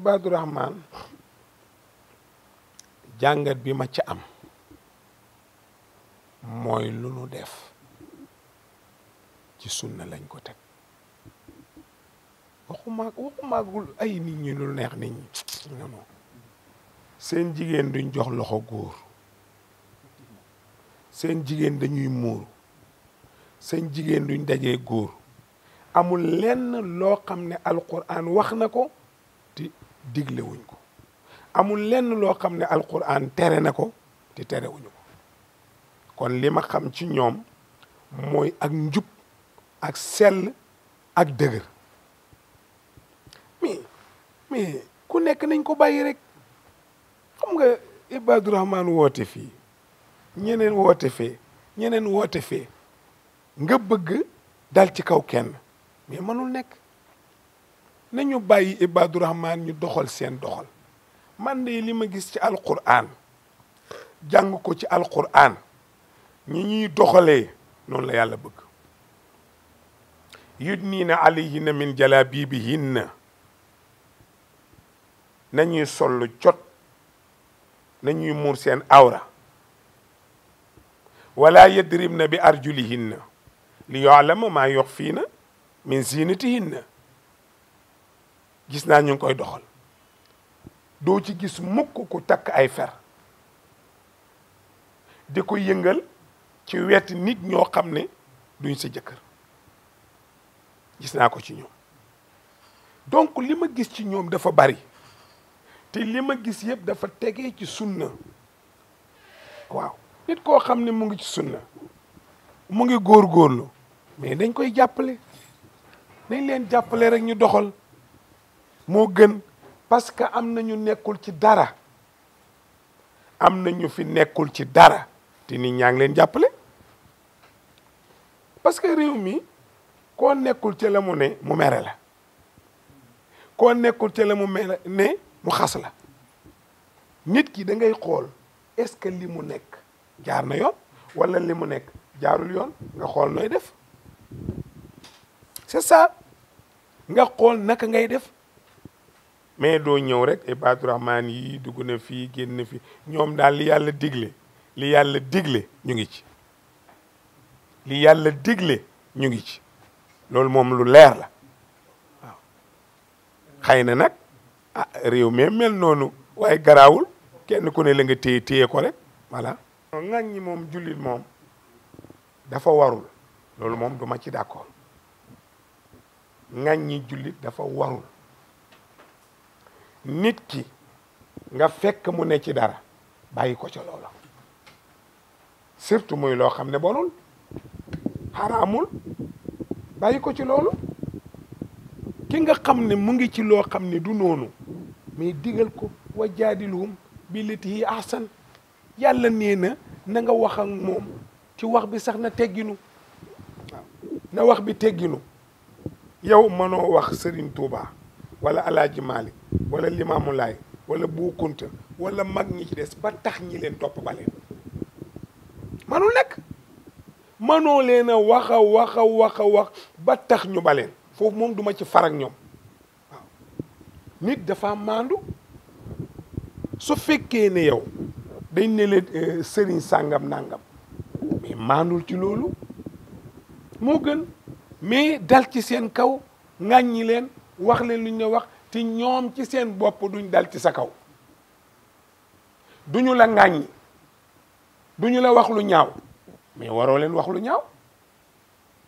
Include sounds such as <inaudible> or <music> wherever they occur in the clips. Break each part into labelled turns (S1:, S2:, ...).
S1: baadu jàngat bi ma ca am mooy lu nu def ci sunna lañ ko teg waxumaa waxumaagul ay nit ñi lu neex nit ñi non seen jigéen duñ jox loxo góor seen jigéen dañuy muuru seen jigéen duñ dajee góor amul lenn loo xam ne alquran wax na ko ti digle wuñ ko amul lenn loo xam ne alquran tere na ko te tere wuñu ko kon li ma xam ci ñoom mooy ak njub ak sell ak dëgër mais mais ku nekk nañ ko bàyyi rek xam nga Ibaadu Rahmaan woote fii ñeneen woote fee ñeneen woote fee nga bëgg dal ci kaw kenn mais mënul nekk nañu bàyyi ibaadu ñu doxal seen doxal man de li ma gis ci alquran jàng ko ci alquran ñi ñuy doxalee noonu la yàlla bëgg niina yudniina alayhinna min na nañuy sollu jot nañuy muur seen awra wala yadribna bi arjulihinna li yaalama maa yox fiina min ziinatihinna gis naa ñu ngi koy doxal doo ci gis mukk ku takk ay fer di ko yëngal ci wet nit ñoo xam ne duñ sa jëkkër gis naa ko ci ñoom donc li ma gis ci ñoom dafa bari te li ma gis yëpp dafa tegee ci sunna waaw nit koo xam ne mu ngi ci sunna mu ngi góorgóorlu mais dañ koy jàppale nañ leen jàppale rek ñu doxal moo gën parce que am na ñu nekkul ci dara am na ñu fi nekkul ci dara te ni ñaa ngi leen jàppale parce que réew mi koo nekkul ci la ne mu mere la koo nekkul ci la mu mere ne mu xas la nit ki da ngay xool est-ce que li mu nekk jaar na yoon walla li mu nekk jaarul yoon nga xool nooy def c'est ça nga xool naka ngay def mais doo ñëw rek Hibaatou Rahmane yi dugg na fii génn fi ñoom daal li yàlla digle li yàlla digle ñu ngi ci li yàlla digle ñu ngi ci loolu moom lu leer la waaw xëy na nag ah réew mi mel noonu waaye garaawul kenn ku ne la nga téye téye ko rek voilà ŋañ ñi moom jullit moom dafa warul loolu moom duma ci d'accord ŋañ ñi jullit dafa warul nit ki nga fekk mu ne ci dara bàyyi ko ca loola surtout muy loo xam ne bonul xaraamul bàyyi ko ci loolu ki nga xam ne mu ngi ci loo xam ne du noonu mais digal ko wa jaadiluhum bi liti ahsan yàlla nee na na nga wax ak moom ci wax bi sax na tegginu waaw na wax bi tegginu yow mënoo wax Serigne Touba wala Alaaji Malik wala Limaamu Laay wala Buu Kunta wala mag ñi ci des ba tax ñi leen topp ba leen manul nekk manoo leen a wax a wax wax ba tax ñu baleen foofu moom duma ci farak ñoom nit dafa maandu su fekkee ne yow dañ ne leen euh, sëriñ sàngam nàngam mais maandul ci loolu moo gën mais dal ci seen kaw ŋàññi leen wax leen lu ñu ne wax ti ñoom ci seen bopp duñ dal ci sa kaw duñu la du ñu la wax lu ñaaw mais waroo leen wax lu ñaaw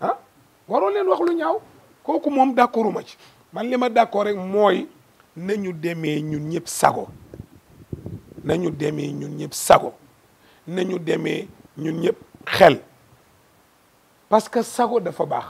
S1: ah waroo leen wax lu ñaaw kooku moom d'accorduma ci man li ma d'accord rek mooy nañu demee ñun ñëpp sago nañu demee ñun ñëpp sago nañu demee ñun ñëpp xel parce que sago dafa baax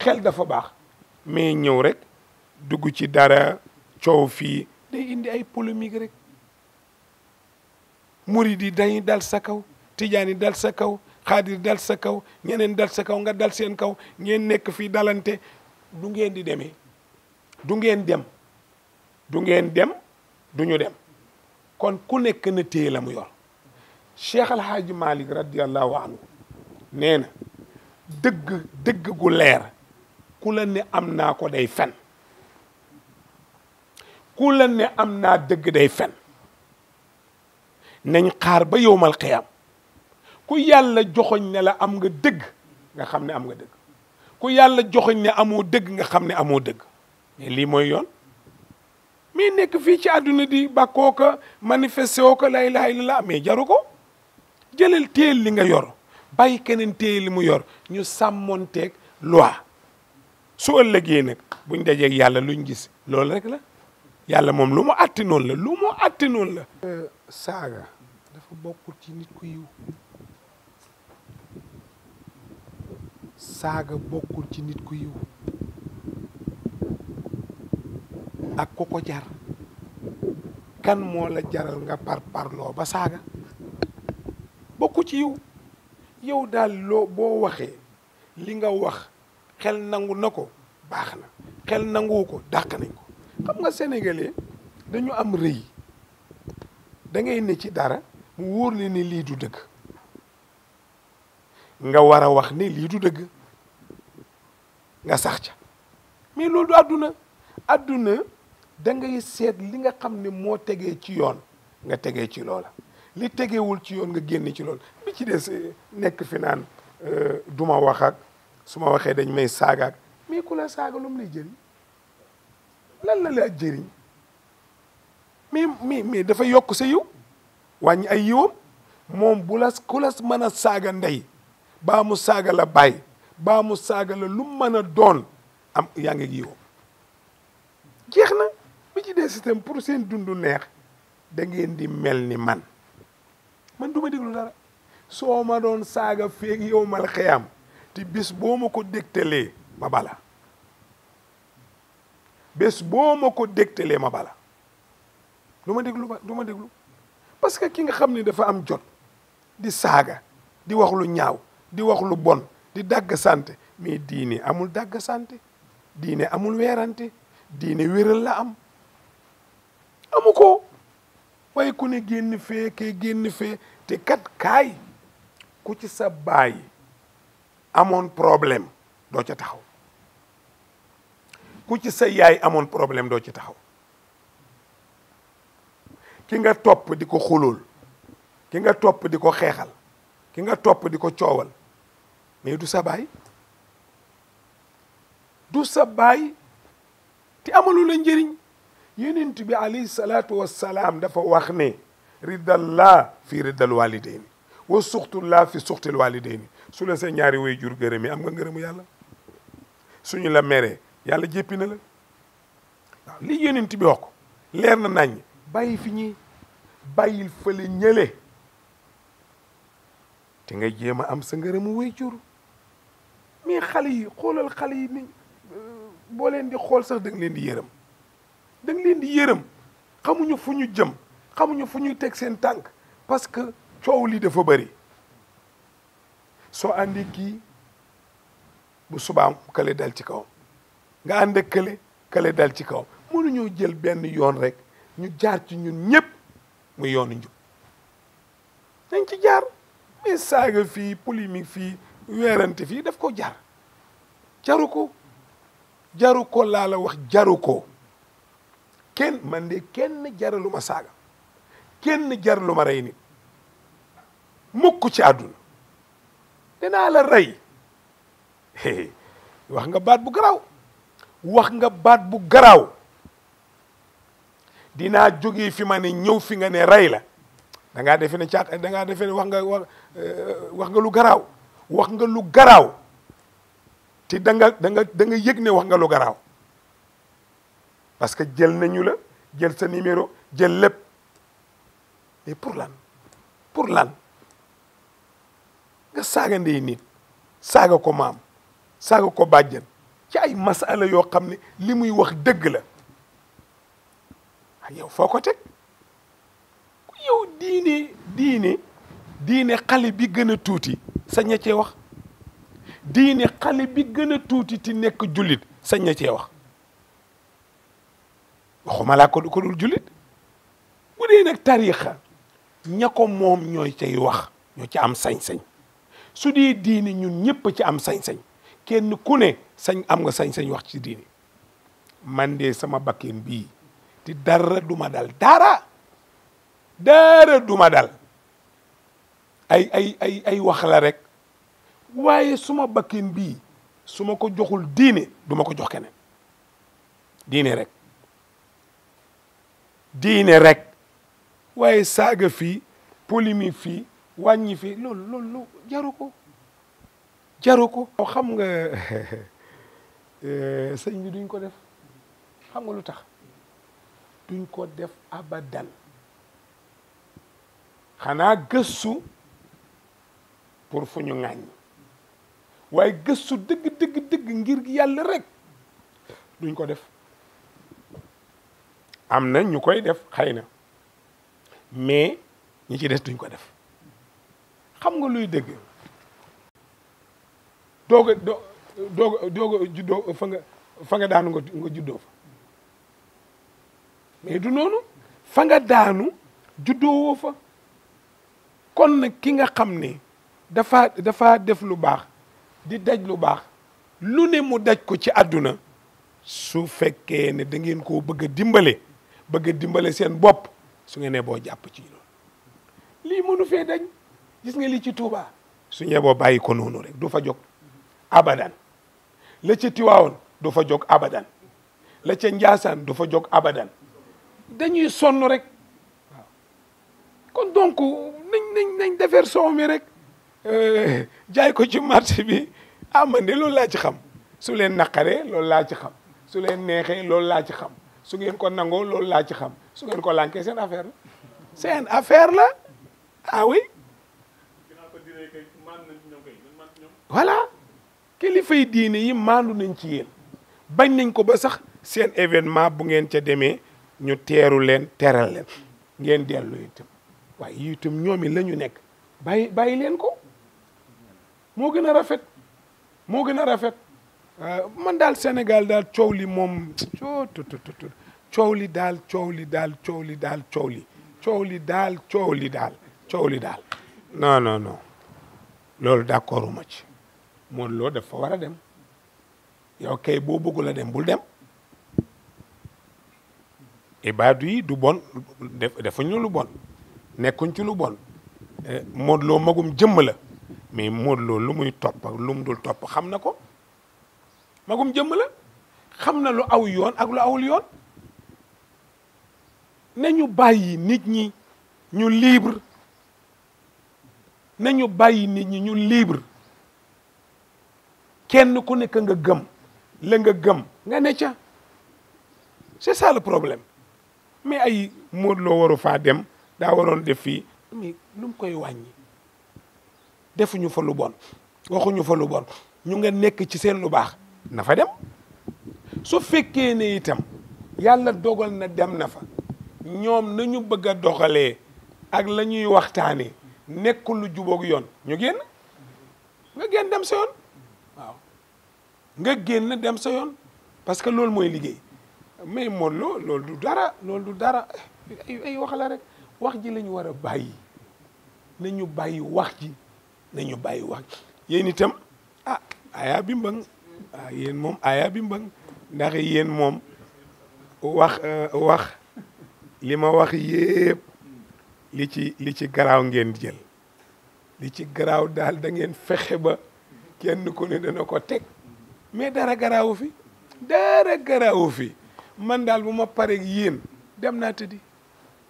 S1: xel dafa baax mais ñëw rek dugg ci dara coow fii day indi ay polémique rek murid yi dal sa kaw tijaan yi dal sa kaw xaadir dal sa kaw ñeneen dal sa kaw nga dal seen kaw ngeen nekk fii dalante du ngeen di demee du ngeen dem du ngeen dem du dem kon ku nekk na téye la mu yor malik radiallahu anhu nee na dëgg gu leer ku la ne am naa ko day fen ku la ne am naa dëgg day fen nañ xaar ba yowmal xiyaam ku yàlla joxoñ ne la am nga dëgg nga xam ne am nga dëgg ku yàlla joxoñ ne amoo dëgg nga xam ne amoo dëgg mais lii mooy yoon mais nekk fii ci àdduna di bàkkoo ko manifesté woo ko la ilaha illallah jaru ko jëlal téel li nga yor bàyyi keneen téel li mu yor ñu sàmmoonteeg loi su ëllëgee nag buñ dajeeg yàlla luñ gis loolu rek la yàlla moom lu mu àtti la lu mu àtti noonu la euh, saaga dafa bokkul ci nit ku yiw saaga bokkul ci nit ku yiw ak ku ko jar kan moo la jaral nga par parloo ba saaga bokku ci yiw yow daal loo boo waxee li nga wax xel nangu na ko baax na xel nanguwu ko dàq nañ ko nga sénégalais dañu am rëy danga ngay ci dara mu wóor la ni lii du dëgg nga war a wax ni lii du dëgg nga sax ca mais loolu du àdduna àdduna da ngay seet li nga xam ne moo tegee ci yoon nga tegee ci loola li tegewul ci yoon nga génn ci lool bi ci des eh, nekk fi naan euh, du ma wax su ma waxee dañ may saagaak mais ku la saaga lu mu lay jëriñ lan la laa jëriñ mais mais dafa yokk sa yiw wàññi ay yiwam moom bu la ku mën a saaga ndey baa mu saaga la baay baa mu saaga la lum mën a doon am yaa ngi yiwam jeex na bi ci des système pour seen dundu neex da ngeen di mel ni man man du ma déglu dara soo ma doon saaga feeg yow mal xeyam te bis boo ma ko dégtalee ma bala bés boo ma ko dégtalee ma bala du déglu ba du ma déglu parce que ki nga xam ni dafa am jot di saaga di wax lu ñaaw di wax lu bon di dàgg sant mais diine amul dàgg diini amul weerante diini wéral la am amu ko waaye ku ne génn fee kee génn fee te kat kaay ku ci sa baay amoon problème doo ca taxaw ku ci sa yaay amoon problème doo ci taxaw ki nga topp di ko xulóol ki nga topp di ko xeexal ki nga topp di ko coowal mais du sa baay du sa baay te amalu la njëriñ yonent bi alayhi salaatu wassalaam dafa wax ne riddallah fi riddal walidayni wa laa fi suxtil walidayni su la se ñaari way jur gërëmi am nga ngërëmu yàlla suñu la meree yàlla jéppi na la waaw li yonent bi wax leer na naññ bàyyi fi ñi bàyyil fële ñële te nga jéem a am sa ngërëmu waajur mais xale yi xoolal xale yi ni euh, boo leen di xool sax da leen di yërëm da leen di yërëm xamuñu fu ñu jëm xamuñu fu ñuy teg seen tànk parce que coow li dafa bëri soo àndee kii bu subaam kale dal ci kaw nga ànd kële kële dal ci kaw mënuñoo jël benn yoon rek ñu jaar ci ñun ñëpp mu yoonu njub dañ ci jaar mais saaga fii polémique fii weerante fii def ko jaar jaru ko jaru ko laa la wax jaru ko kenn man de kenn jaralu ma saaga kenn jaralu ma rey ni mukk ci àdduna dinaa la rey <laughs> wax nga baat bu garaaw wax nga baat bu garaaw dinaa jógee fi ma ne ñëw fi nga ne rey la da defe ne caaq da ngaa defe ne wax nga euh, wax nga lu garaaw wax nga lu garaaw te da nga da nga yëg ne wax nga lu garaaw parce que jël nañu la jël sa numéro jël lépp mais pour lan pour lan nga saaga ndey nit saaga ko maam saaga ko bàjjen ci ay masala yoo xam ne li muy wax dëgg la ah, yow foo ko teg yow diine diine diine xale bi gën tuuti sañ na cee wax diine xale bi gën a tuuti ti nekk julit sañ na cee wax waxuma laa ko ko dul jullit bu dee nag tariixa ña moom ñooy cay wax ñoo ci am sañ-sañ su dee diine ñun ñëpp ci am sañ-sañ kenn ku ne sañ am nga sañ-sañ wax ci diini man de sama bakkin bii ti dara duma dal dara dara duma dal ay ay ay ay rek waaye suma bakkin bii su ma ko joxul diine duma ko jox keneen diine rek diine rek waaye saaga fii polémique fii wàññi fii loolu loolu jaru ko jaru ko xam <laughs> Euh, sëñ bi duñ ko def xam nga lu tax duñ ko def abadan xanaa gëstu pour fu ñu ŋàññ waaye gëstu dëgg dëgg dëgg ngir yàlla rek duñ ko def am na ñu koy def xëy na mais ñi ci des duñ ko def xam nga luy dëgg dooga doo doog doog juddoo fa nga fa nga daanu nga juddoo fa mais du noonu fa nga daanu juddoowoo fa kon nag ki nga xam ne dafa dafa def lu baax di daj lu baax lu ne mu daj ko ci àdduna su fekkee ne dangeen ko koo bëgg a dimbale bëgg a dimbale seen bopp su ngeen ne boo jàpp ci loolu lii mënu fee dañ gis nga lii ci tuuba su ñee boo bàyyi ko noonu rek du fa jog abadan la ca Tiwaawoon du fa jóg abadan la ca Njaasaan du fa jóg abadan dañuy sonn rek kon donc nañ nañ nañ defar soow mi rek eh, jaay ko ci marché bi ah man de laa ci xam su leen naqaree loolu laa ci xam su leen neexee loolu laa ci xam su ngeen ko nangoo loolu laa ci xam su ngeen ko lànkee seen affaire la seen affaire la ah oui voilà kilifay diine yi maandu nañ ci yéen bañ nañ ko ba sax seen événement bu ngeen ca demee ñu teeru leen teral leen ngeen dellu itam waaye yi itam ñoom it la ñu nekk bàyyi bàyyi leen ko moo gën a rafet moo gën a rafet euh, man daal Sénégal daal coow li moom coo tutututut coow li daal coow li daal coow li daal coow li coow li daal coow li daal coow li daal non non non loolu d'accorduma ci Modou Lo dafa war a dem yow kay boo bëggul a dem bul dem ibaadu yi du bon def defuñu lu bon nekkuñ ci lu bon eh, Modou Lo magum jëmm la mais Modou Lo lu muy topp ak dul topp xam na ko magum jëmm la xam na lu aw yoon ak lu awul yoon nañu bàyyi nit ñi ñu libre nañu bàyyi nit ñi ñu libre kenn ku nekk nga gëm la nga gëm nga ne ca c'est problème mais ay Modou loo waru faa dem
S2: daa waroon def
S1: fii num koy wàññi defuñu fa lu bon waxuñu fa lu bon ñu nga nekk ci seen lu baax nafa dem su fekkee ne itam yàlla dogal na dem na fa ñoom nañu bëgg a doxalee ak la ñuy waxtaanee nekkul lu jubóog yoon ñu génn nga génn dem sa yoon nga génn dem sa yoon parce que loolu mooy liggéey mais Modou Lo du dara lool du dara ay wax la rek wax ji la ñu war a bàyyi nañu bàyyi wax ji nañu bàyyi wax ji yéen itam ah ayaa bi mbang ah, yéen moom ayaa bi mbang ndax yéen moom wax euh, wax li ma wax yépp li ci li ci garaaw ngeen jël li ci garaaw daal da ngeen fexe ba kenn ku ne dana ko teg mais dara garaawu fi dara garaawu fi man daal bu ma paree yéen dem naa tëddi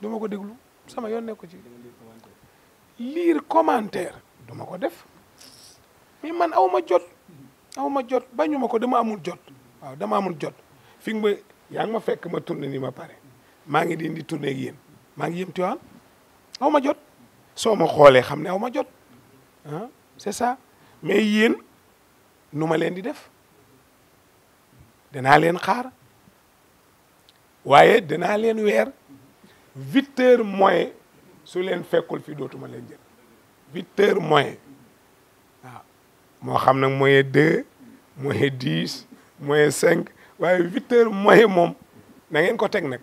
S1: du ma ko déglu sama yoon nekk ci lire commentaire du ko def mais man awma jot aw ma jot bañu ma ko dama amul jot waaw dama amul jot fi nga yaa ngi ma fekk ma tourné ni ma pare maa ngi leen di tourné yéen maa ngi yëm Tiwaan aw ma jot soo ma xoolee xam ne aw ma jot ah c'est ça mais yéen nu ma leen di def danaa leen xaar waaye danaa leen weer huit heures moins su leen fekkul fi dootuma leen jël huit heures moins waaw moo xam nag moins deux moins dix moins waaye huit heures moins moom na ngeen ko teg nag